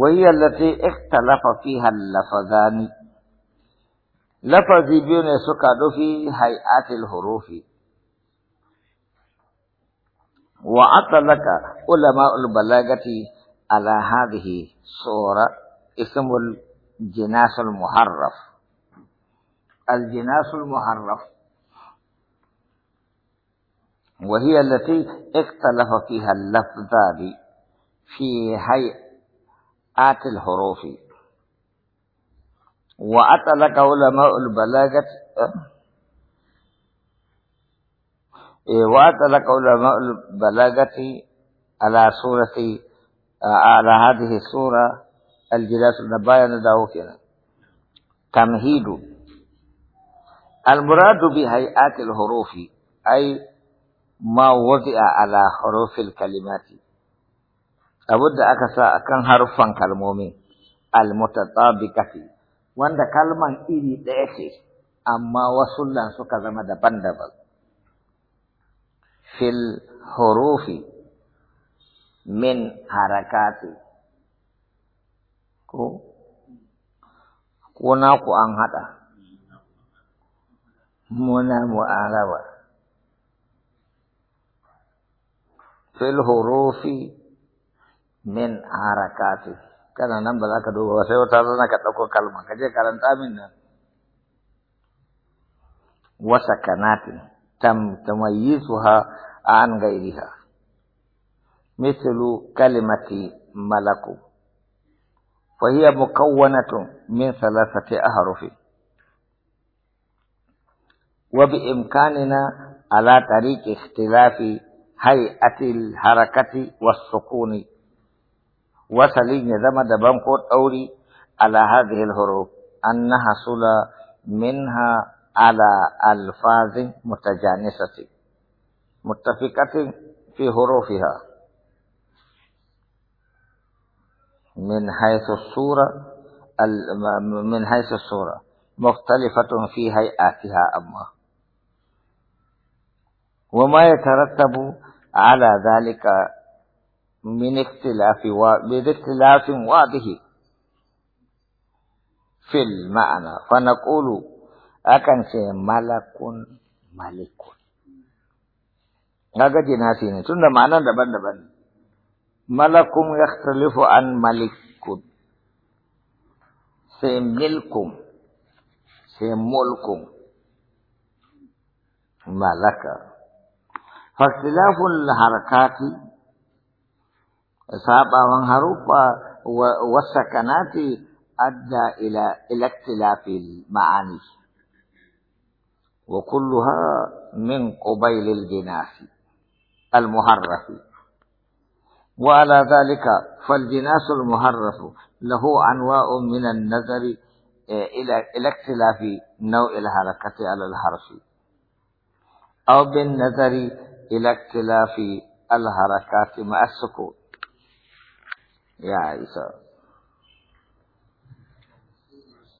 وهي التي اختلف فيها اللفظان لفظي بيون سكاد في هيئات الحروف وأطلق علماء البلاغة على هذه الصورة اسم الجناس المحرف الجناس المحرف وهي التي اختلف فيها اللفظان في هيئة آت الحروف وأطلق علماء البلاغة آه، إيه، وأطلق علماء البلاغة على سورة آه، على هذه السورة الجلاس النبايا نداوكنا تمهيد المراد بهيئات الحروف أي ما وضع على حروف الكلمات abun da aka sa a kan harfan kalmomi almutatabiqati wanda kalman iri ɗaya ce amma wasu lan suka zama daban-daban fil hurufi min harakati ko kuna ku an haɗa muna mu'araba fil hurufi من حركاته كان نم بلاك دو غوثي وطردنا كتوكو كلمة كجي كالن تامين وسكنات تم تميزها عن غيرها مثل كلمة ملك فهي مكونة من ثلاثة أحرف وبإمكاننا على طريق اختلاف هيئة الحركة والسكون wasalin ya zama daban ko على هذه الحروف أنها huruf منها على ألفاظ متجانسة متفقة في حروفها من حيث الصورة من حيث الصورة مختلفة في هيئاتها أما وما يترتب على ذلك من اختلاف و... من اختلاف واضح في المعنى فنقول أكن سي ملك ملك هذا جناسين تند معنى دبن دبن ملك يختلف عن ملك سي ملك سي ملك ملك فاختلاف الحركات صعب عن هروبا والسكنات أدى إلى اختلاف المعاني وكلها من قبيل الجناح المهرف وعلى ذلك فالجناس المهرف له أنواع من النَّذَرِ آه، إلى اختلاف نوع الحركة على الحرف أو بِالنَّذَرِ إلى اختلاف الحركات مع السكوت 下一个。